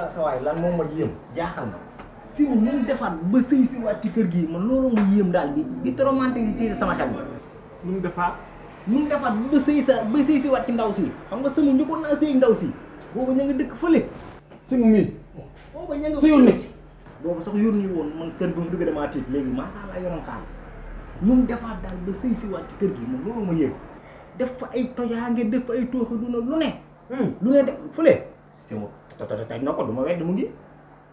ma lan moom ma yéem jaaxal na si mu mu defaat ba sëy si waat ci gi man di di toromante ci sama xel ma nu mu defaat nu mu defaat ba sëy sa ba sëy si waat ci ndaw si xam nga sëmu njëkkoon naa sëy ndaw si boobu ña nga dëkk fële simu mii boobu ña nga nit boobu sax yór ñu man kër bi dugg damaa tiit léegi maasa laa yoroon xaalis nu mu defaat daal ba si ci gi man def fa ay tojaange def fa ay tooxi lu ne lu ne hmm. def si mu toto taj na ko du ma wedd mu ngi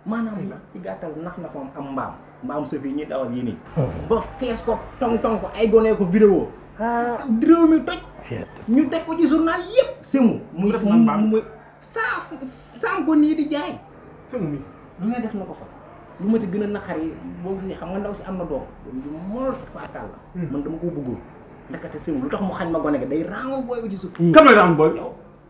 maanaam la ci gàttal nax na ko am mbaam mbaam sa fii ñuy dawal yii nii hmm. ba fees ko tong tong ko ay gonee ko vidéo ah. réew mi toj ñu teg ko ci journal yëpp simu muy muy saa saam ko nii di jaay sëmu lu ne def na ko fa lu ma ci gën a naqar yi boo gisee xam nga ndaw si am na doom doom ju mor faakal la hmm. man dama ko bëggoon ndekete simu lu tax mu xañ ma gone ga day raawon booy bi ci suuf kan mooy raawon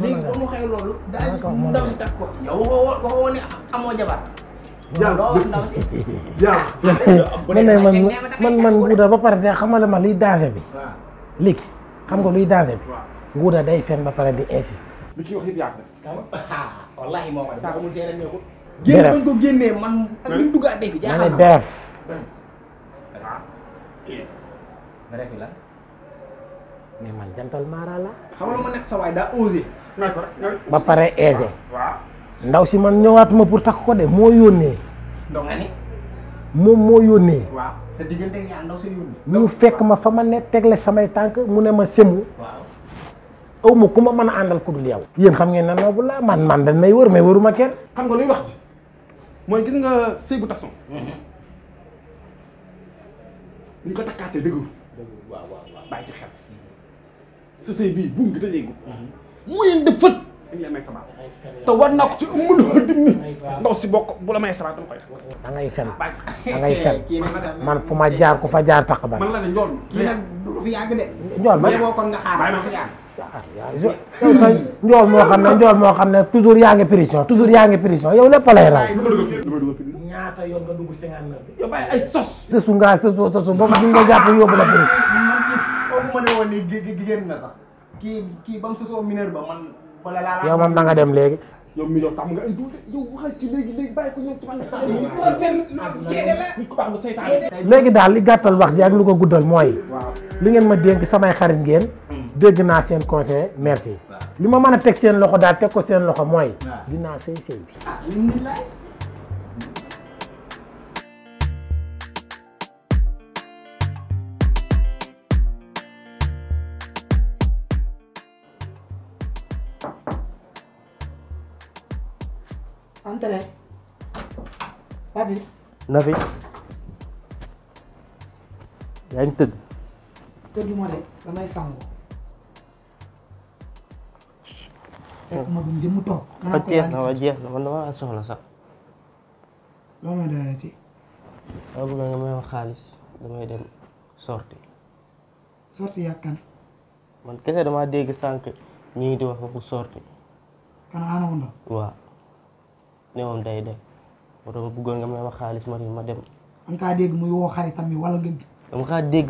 léegi boo waxee loolu. daal ndaw si tax ko yow ini kamu aja pak. amoo jabar. jaa jaa man man man man Ngouda ba pare de xamale ma liy danger bi. léegi xam nga luy danger bi. di insister. lu ci wax it yàq na. wallaahi moo ko def. daa ko mu seere ne ko. génn bañ ko génnee man ak li mu dugg a dégg. jaaxal ma mais man jantal maara la. xam nga ma nekk sa waay daa osé. ba pare aisé ndaw si man ñëwaatuma pour takk ko de moo yónnee moom moo yónnee ñu fekk ma fa ma ne tegle samay tànk mu ne ma semu aw ma ku ma mën a àndal ku dul yow xam ngeen ne noobu la man man dañ may wër may wëruma kenn xam nga luy wax mooy gis nga sëy bu tason mhm. ñu ko takkaatee dëggu moyen de fët dañ lay may sabaat te dimmi ndax si bokk bu la may sabaat dama fen man fu ma jaar ku fa jaar taq ba njool ma boo kon nga xaar ma fi yàgg yow moo xam ne njool moo xam ne toujours yaa ngi prison toujours yaa ngi prison yow lépp lay raw ñaata yoon nga dugg cinquante-neuf bi yow bàyyi kii kii ba mu sosoo mineur ba moom na dem léegi. yow mineur léegi daal li gàttal wax ji ak lu ko guddal mooy. li ngeen ma dénk samay xarit ngeen. Hmm. dégg naa seen conseil merci. li ma mën a teg seen loxo daal teg ko seen loxo mooy. dinaa sëy sëy bi. Ah, am télé Papis. Nafi. yaa ngi tëdd. tëdduma de damay sangu. fekk ma duñ jëmm toog. ma jeex na ma jeex na man dama soxla sax. loo ma doyati. dama bëgg nga may wax xaalis damay dem sorti. sorti yàkkan. man kese damaa dégg sànq ñu ngi di wax waxu sorti. kana ana wu ne moom day dem moo tax ma bëggoon nga may wax xaalis ma ma dem. am kaa dégg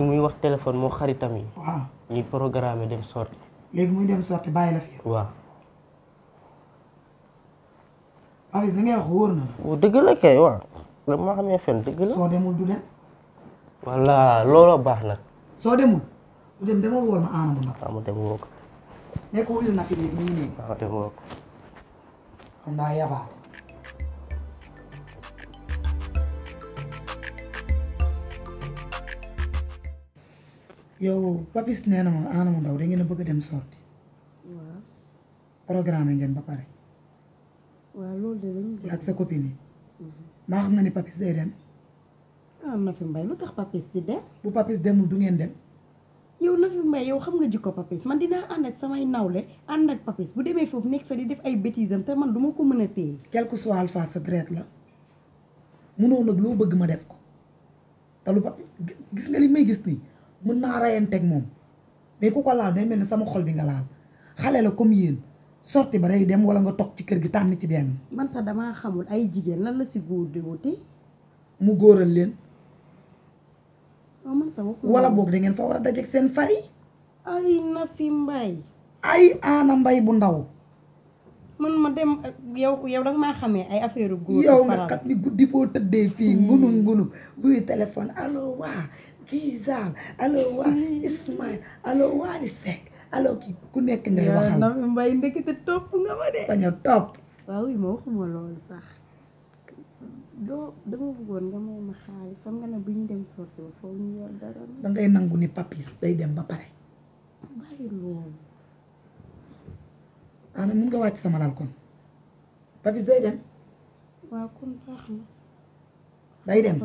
muy wax téléphone moo xaritam yi. waaw ñuy programme dem sorti léegi muy dem sorti bàyyi la fi. waaw. Papis dama xamee fen dëgg la. soo demul du dem. voilà looloo baax nag. soo demul du dem demal wóor ma aana bu ma ah, dem woo ko. nekkul na fi léegi ñu ngi nekk. waaw ah, dem yow papis nee na ma Adama Ndao da ngeen a bëgg a dem sorti waaw programme ngeen ba pare. waaw loolu de lañu ak sa copine yi. Mhm. maa xam nga ni papis day dem. Ah, na fi mbay lu tax papis di dem. bu papis demul du ngeen dem. yow fi Mbaye yow xam nga jikko papis man dinaa ànd ak samay nawle ànd ak papis bu demee foofu nekk fa di def ay bêtises te man duma ko mën a téye. quel que soit alpha sa deret la munoo nag loo bëgg ma def ko te lu papis gis nga li may gis nii. mën naa rayanteeg moom mais ku ko laal day mel ni sama xol bi nga laal xale la comme yéen sorti ba day dem wala nga toog ci kër gi tànn ci benn. man sax damaa xamul ay jigéen lan la si góor di wuti mu góoral leen. man sax waxul wala boog dangeen ngeen fa war a dajeeg seen fari. ay fi Mbaye. ay aana mbay bu ndaw. man ma dem yow yow da maa xamee ay affaire yow nga xam ni guddi boo tëddee fii. ngunu hmm. ngunu buy téléphone allo waa Gisal allo waa Ismaïl allo Wally Seck allo kii ku nekk ngay waxal. yaa ngi nga ma a topp. waaw ma waxuma loolu sax dama bëggoon nga may ma xaalis xam nga ne bu ñu dem sorti foofu ñu nangu ni papis day dem ba pare. bàyyi loolu. ana mun nga wàcc sama lal kon. papis day dem. waaw kon baax na. day dem.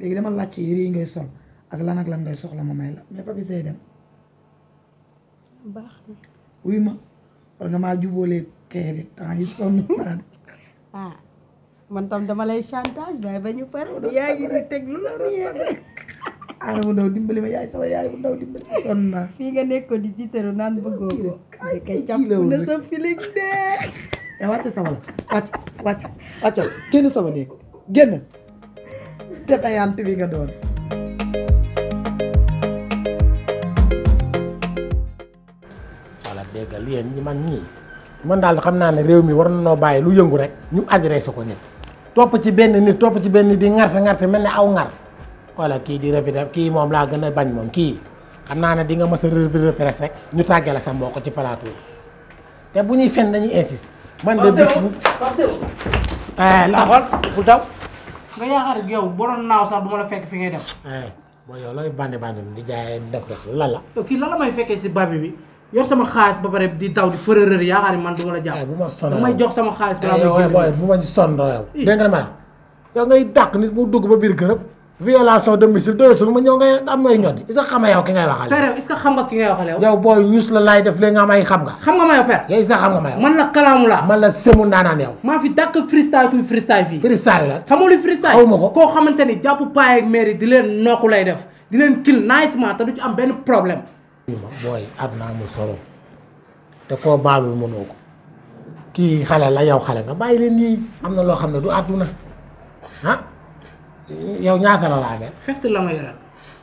léegi dama laaj ci yére yi ngay sol ak lan ak lan ngay soxla ma may la mais dem. ma orang nga maa jubóolee kayri temps yi sonn ah man tam dama lay chantage waaye ba ñu pare. yaa di teg lu la ah mu ndaw dimbali ma yaay sama yaay mu ndaw dimbali ma sonn naa. fii nga nekkoon di jiiteru naan bëggoo ko. ay kay na sa de. Eh, sama la wàcc wàcc wàccal kenn sama néeg génn. te fayant bi nga doon. voilà dégg nga yéen ñi man ñii man daal xam naa ne réew mi war na noo bàyyi lu yëngu rek ñu adressé ko nit. topp ci benn nit topp ci benn di ŋarte ŋarte mel ni aw ŋar wala kii di revue de kii moom laa gën a bañ moom kii xam naa ne di nga mës a revue de presse rek ñu tàggale sa mbokk ci plateau yi te bu ñuy fen dañuy insister. man de bis bu. Eh, bu daw. nga yaakaar yow boo doon naaw sax du ma la fekk fi ngay dem. mooy eh, yow looy bandi bandi di jaay la def lala. kii lala may fekkee si babi bi yor sama xaalis ba pare di daw di fërërër yaakaar ni man du ma la jàpp. Eh, bu ma sonal damay jox sama xaalis. balaa eh, may bu ma ci sonal yow. dégg nga ngay dàq nit mu dugg ba biir gërëb. violation domicile doyatul ma ñëw nga am ngay ñoddi est-ce que xam nga yow ki ngay waxal. père est-ce que xam nga ki ngay waxal yow. yow booy ñus la laay def léegi nga am ay xam nga. xam nga ma yow père. yow est-ce que xam nga ma yow. man la kalaamu laa. man la semu ndaanaan yow. maa fi dàkk freestyle kuy freestyle fii. freestyle la. xamul li freestyle xaw ma ko. koo xamante ni jàpp paay ak mairie di leen nokku lay def di leen kill nicement te du ci am benn problème. booy àdduna amul solo te koo baalul mënoo ko kii xale la yow xale nga bàyyi leen nii am na loo xam ne du àdduna ah yow ñaata la laa mel. feft la ma yoral.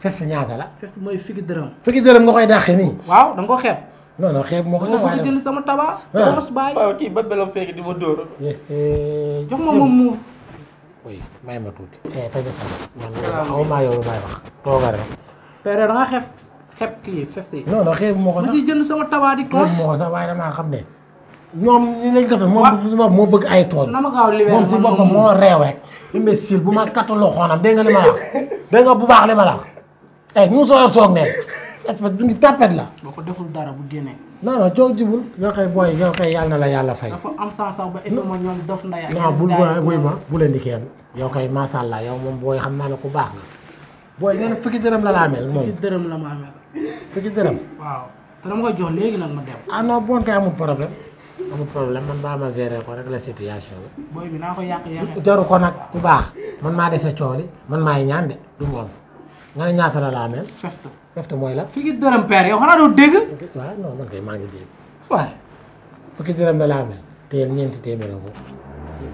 feft ñaata la. feft mooy figi dërëm. figi dërëm nga koy dàqee nii. waaw da ko xeeb. non non xeeb moo ko sama tabac. Ah. mos eh, eh, ma tuuti. Eh, tey de sa maa yow may wax. tooga rek. père da nga kii feft yi. ma si sama tabac di. kos moo ko sax waaye damaa xam ne. ñoom li lañ ko def moom moo bëgg ay tooñ. moom si boppam moo réew rek. imbécile bu ma kattaloo xoonam dégg nga li ma la wax dégg nga bu baax li ma la wax. ay eh, mu soog a toog ne espèce du ngi tàppet la. boo ko deful dara bu génnee. non non coow jibul nga koy booy nga koy yàlla na la yàlla fay. dafa am sens ba indi ma ñoom dof ndaya. non bul booy ma bu leen di kenn. yow koy macha allah yow moom booy xam naa ne ku baax la. booy nee na fukki dërëm la laa mel moom fukki dërëm la ma amee. fukki dërëm. waaw te dama koy jox léegi nag ma dem. ah non bon kay amul problème. amul problème man baa ma gérer ko rek la situation bi. booy bi naa ko nag bu baax man maa dese cooli man maay ñaan de du moom nga ne ñaata la laa mel. fefte mooy la. fukki dërëm père yow xanaa doo dégg. waaw non man kay maa ngi dégg. waaw fukki dërëm la laa mel. teel ñeenti téeméer ko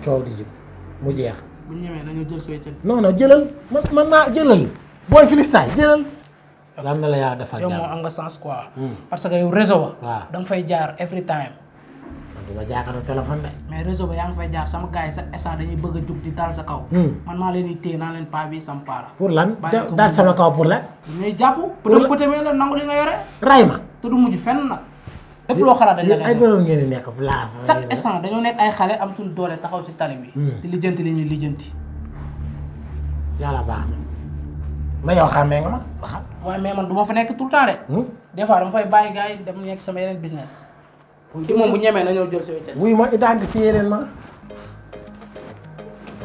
coow di mu jeex. bu ñu ñëwee nañu jël say cën. non non man man maa jëlal booy filistaay jëlal. lan na la yàlla defal jàmm yow moom am nga hmm. parce que yow réseau ba. waaw da fay jaar every time. di ma jaakaroo téléphone de. mais réseau ba yaa fay jaar sama gars sa instant dañuy bëgg di daal sa kaw. Hmm. man maa leen di téye naa leen paa bi sama paa la. pour lan daal sama kaw pour lan. mais pour la li nga ray ma te du mujj fenn nag. lépp loo xalaat dañ ay borom ngeen di nekk voilà. chaque instant dañoo nekk ay xale am suñu doole taxaw si tali bi. Hmm. di lijjanti li ñuy lijjanti. yàlla baax na. ma yow xàmmee nga ma. waaw waaye mais man du ma fa nekk tout temps de. des fois dama fay bàyyi gars yi dem nekk sama yeneen business ci moom bu ñemee nañoo jël sa wéccet. wuy ma ma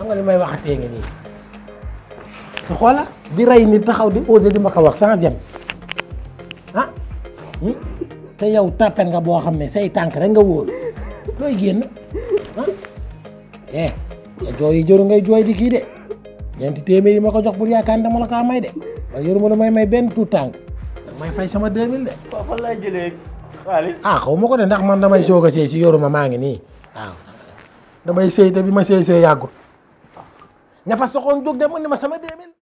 xam nga li may waxatee nga nii te di rey nit taxaw di osé di ma wax sans gêne ah te yow tàppet nga boo xam say tànk rek nga wóor looy génn ah eh ngay di kii de ñeenti téeméer yi ma jox bul yaakaar dama la kaa may de wala yoruma may may may fay sama 2000 de. lay ah xaw ma ko de ndax man damay soog a sëy si ma maa ngi nii waaw damay sëy te bi ma sëy sëy yàggut ña fa soxoon jóg dem indi ma sama 2000